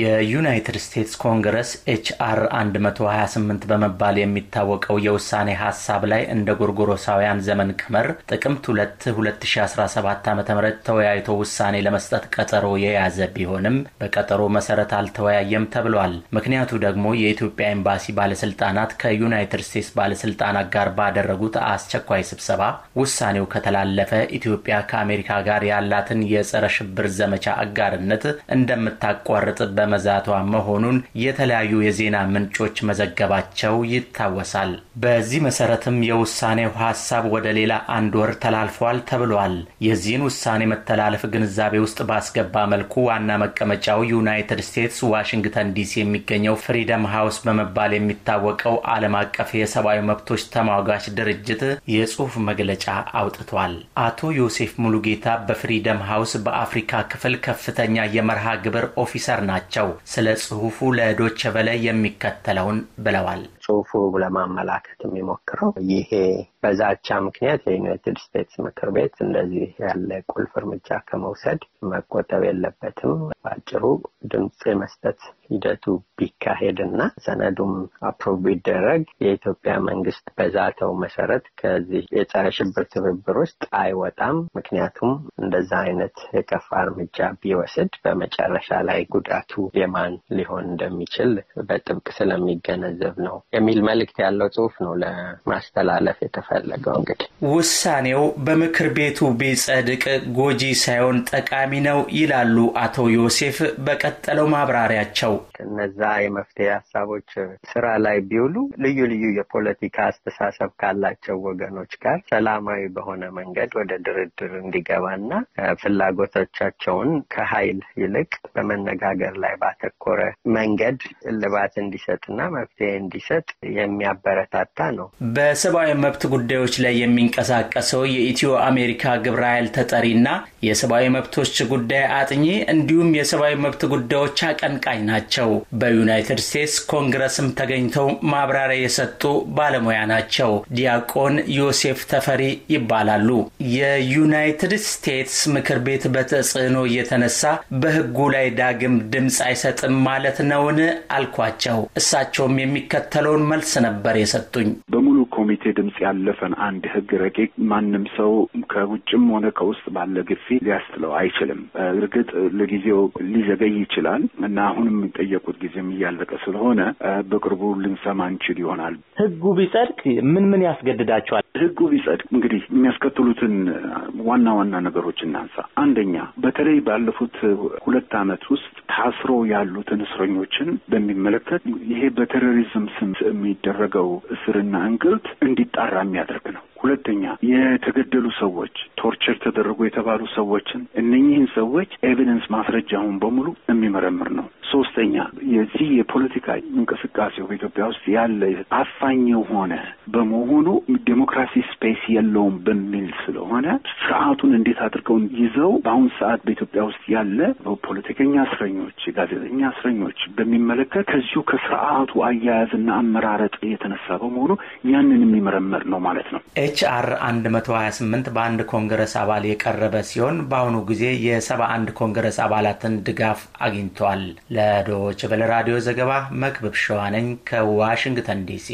የዩናይትድ ስቴትስ ኮንግረስ ኤችአር 128 በመባል የሚታወቀው የውሳኔ ሀሳብ ላይ እንደ ጎርጎሮሳውያን ዘመን ቀመር ጥቅምት 2 2017 ዓ ም ተወያይቶ ውሳኔ ለመስጠት ቀጠሮ የያዘ ቢሆንም በቀጠሮ መሰረት አልተወያየም ተብሏል። ምክንያቱ ደግሞ የኢትዮጵያ ኤምባሲ ባለስልጣናት ከዩናይትድ ስቴትስ ባለስልጣናት ጋር ባደረጉት አስቸኳይ ስብሰባ ውሳኔው ከተላለፈ ኢትዮጵያ ከአሜሪካ ጋር ያላትን የጸረ ሽብር ዘመቻ አጋርነት እንደምታቋርጥ በመዛቷ መሆኑን የተለያዩ የዜና ምንጮች መዘገባቸው ይታወሳል። በዚህ መሰረትም የውሳኔው ሀሳብ ወደ ሌላ አንድ ወር ተላልፏል ተብሏል። የዚህን ውሳኔ መተላለፍ ግንዛቤ ውስጥ ባስገባ መልኩ ዋና መቀመጫው ዩናይትድ ስቴትስ ዋሽንግተን ዲሲ የሚገኘው ፍሪደም ሃውስ በመባል የሚታወቀው ዓለም አቀፍ የሰብአዊ መብቶች ተሟጋች ድርጅት የጽሁፍ መግለጫ አውጥቷል። አቶ ዮሴፍ ሙሉጌታ በፍሪደም ሃውስ በአፍሪካ ክፍል ከፍተኛ የመርሃ ግብር ኦፊሰር ናቸው። ናቸው። ስለ ጽሁፉ ለዶቸ የሚከተለውን ብለዋል። ጽሁፉ ለማመላከት የሚሞክረው ይሄ በዛቻ ምክንያት የዩናይትድ ስቴትስ ምክር ቤት እንደዚህ ያለ ቁልፍ እርምጃ ከመውሰድ መቆጠብ የለበትም። በአጭሩ ድምፅ የመስጠት ሂደቱ ቢካሄድ እና ሰነዱም አፕሮቭ ቢደረግ የኢትዮጵያ መንግስት በዛተው መሰረት ከዚህ የጸረ ሽብር ትብብር ውስጥ አይወጣም። ምክንያቱም እንደዛ አይነት የከፋ እርምጃ ቢወስድ በመጨረሻ ላይ ጉዳቱ የማን ሊሆን እንደሚችል በጥብቅ ስለሚገነዘብ ነው የሚል መልእክት ያለው ጽሁፍ ነው ለማስተላለፍ የተፈለገው። እንግዲህ ውሳኔው በምክር ቤቱ ቢጸድቅ ጎጂ ሳይሆን ጠቃሚ ነው ይላሉ አቶ ዮሴፍ በቀጠለው ማብራሪያቸው። እነዛ የመፍትሄ ሀሳቦች ስራ ላይ ቢውሉ ልዩ ልዩ የፖለቲካ አስተሳሰብ ካላቸው ወገኖች ጋር ሰላማዊ በሆነ መንገድ ወደ ድርድር እንዲገባና ፍላጎቶቻቸውን ከኃይል ይልቅ በመነጋገር ላይ ባተኮረ መንገድ እልባት እንዲሰጥና መፍትሄ እንዲሰጥ ለመምረጥ የሚያበረታታ ነው። በሰብአዊ መብት ጉዳዮች ላይ የሚንቀሳቀሰው የኢትዮ አሜሪካ ግብረ ኃይል ተጠሪና የሰብአዊ መብቶች ጉዳይ አጥኚ እንዲሁም የሰብአዊ መብት ጉዳዮች አቀንቃኝ ናቸው። በዩናይትድ ስቴትስ ኮንግረስም ተገኝተው ማብራሪያ የሰጡ ባለሙያ ናቸው። ዲያቆን ዮሴፍ ተፈሪ ይባላሉ። የዩናይትድ ስቴትስ ምክር ቤት በተጽዕኖ እየተነሳ በሕጉ ላይ ዳግም ድምፅ አይሰጥም ማለት ነውን? አልኳቸው። እሳቸውም የሚከተለው ያለውን መልስ ነበር የሰጡኝ። ድምፅ ያለፈን አንድ ህግ ረቂቅ ማንም ሰው ከውጭም ሆነ ከውስጥ ባለ ግፊት ሊያስጥለው አይችልም። እርግጥ ለጊዜው ሊዘገይ ይችላል እና አሁንም የሚጠየቁት ጊዜም እያለቀ ስለሆነ በቅርቡ ልንሰማ እንችል ይሆናል። ህጉ ቢጸድቅ ምን ምን ያስገድዳቸዋል? ህጉ ቢጸድቅ እንግዲህ የሚያስከትሉትን ዋና ዋና ነገሮች እናንሳ። አንደኛ፣ በተለይ ባለፉት ሁለት ዓመት ውስጥ ታስሮ ያሉትን እስረኞችን በሚመለከት ይሄ በቴሮሪዝም ስም የሚደረገው እስርና እንግልት እንዲ እንዲጣራ የሚያደርግ ነው። ሁለተኛ የተገደሉ ሰዎች ቶርቸር ተደረጉ የተባሉ ሰዎችን እነኚህን ሰዎች ኤቪደንስ ማስረጃውን በሙሉ የሚመረምር ነው። ሶስተኛ የዚህ የፖለቲካ እንቅስቃሴው በኢትዮጵያ ውስጥ ያለ አፋኝ የሆነ በመሆኑ ዴሞክራሲ ስፔስ የለውም በሚል ስለሆነ ስርዓቱን እንዴት አድርገው ይዘው በአሁን ሰዓት በኢትዮጵያ ውስጥ ያለ ፖለቲከኛ እስረኞች፣ የጋዜጠኛ እስረኞች በሚመለከት ከዚሁ ከስርዓቱ አያያዝና አመራረጥ የተነሳ በመሆኑ ያንን የሚመረመር ነው ማለት ነው። ኤች አር አንድ መቶ ሀያ ስምንት በአንድ ኮንግ ኮንግረስ አባል የቀረበ ሲሆን በአሁኑ ጊዜ የ71 ኮንግረስ አባላትን ድጋፍ አግኝቷል። ለዶች ቬለ ራዲዮ ዘገባ መክብብ ሸዋነኝ ከዋሽንግተን ዲሲ